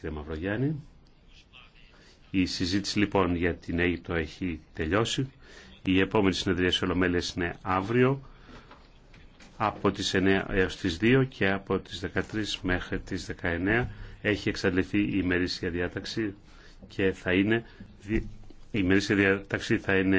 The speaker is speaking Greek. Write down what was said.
κύριε Η συζήτηση λοιπόν για την Αίγυπτο έχει τελειώσει. Η επόμενη συνεδρία σε ολομέλειες είναι αύριο από τις 9 έως τις 2 και από τις 13 μέχρι τις 19 έχει εξαντληθεί η ημερήσια διάταξη και θα είναι η ημερήσια διάταξη θα είναι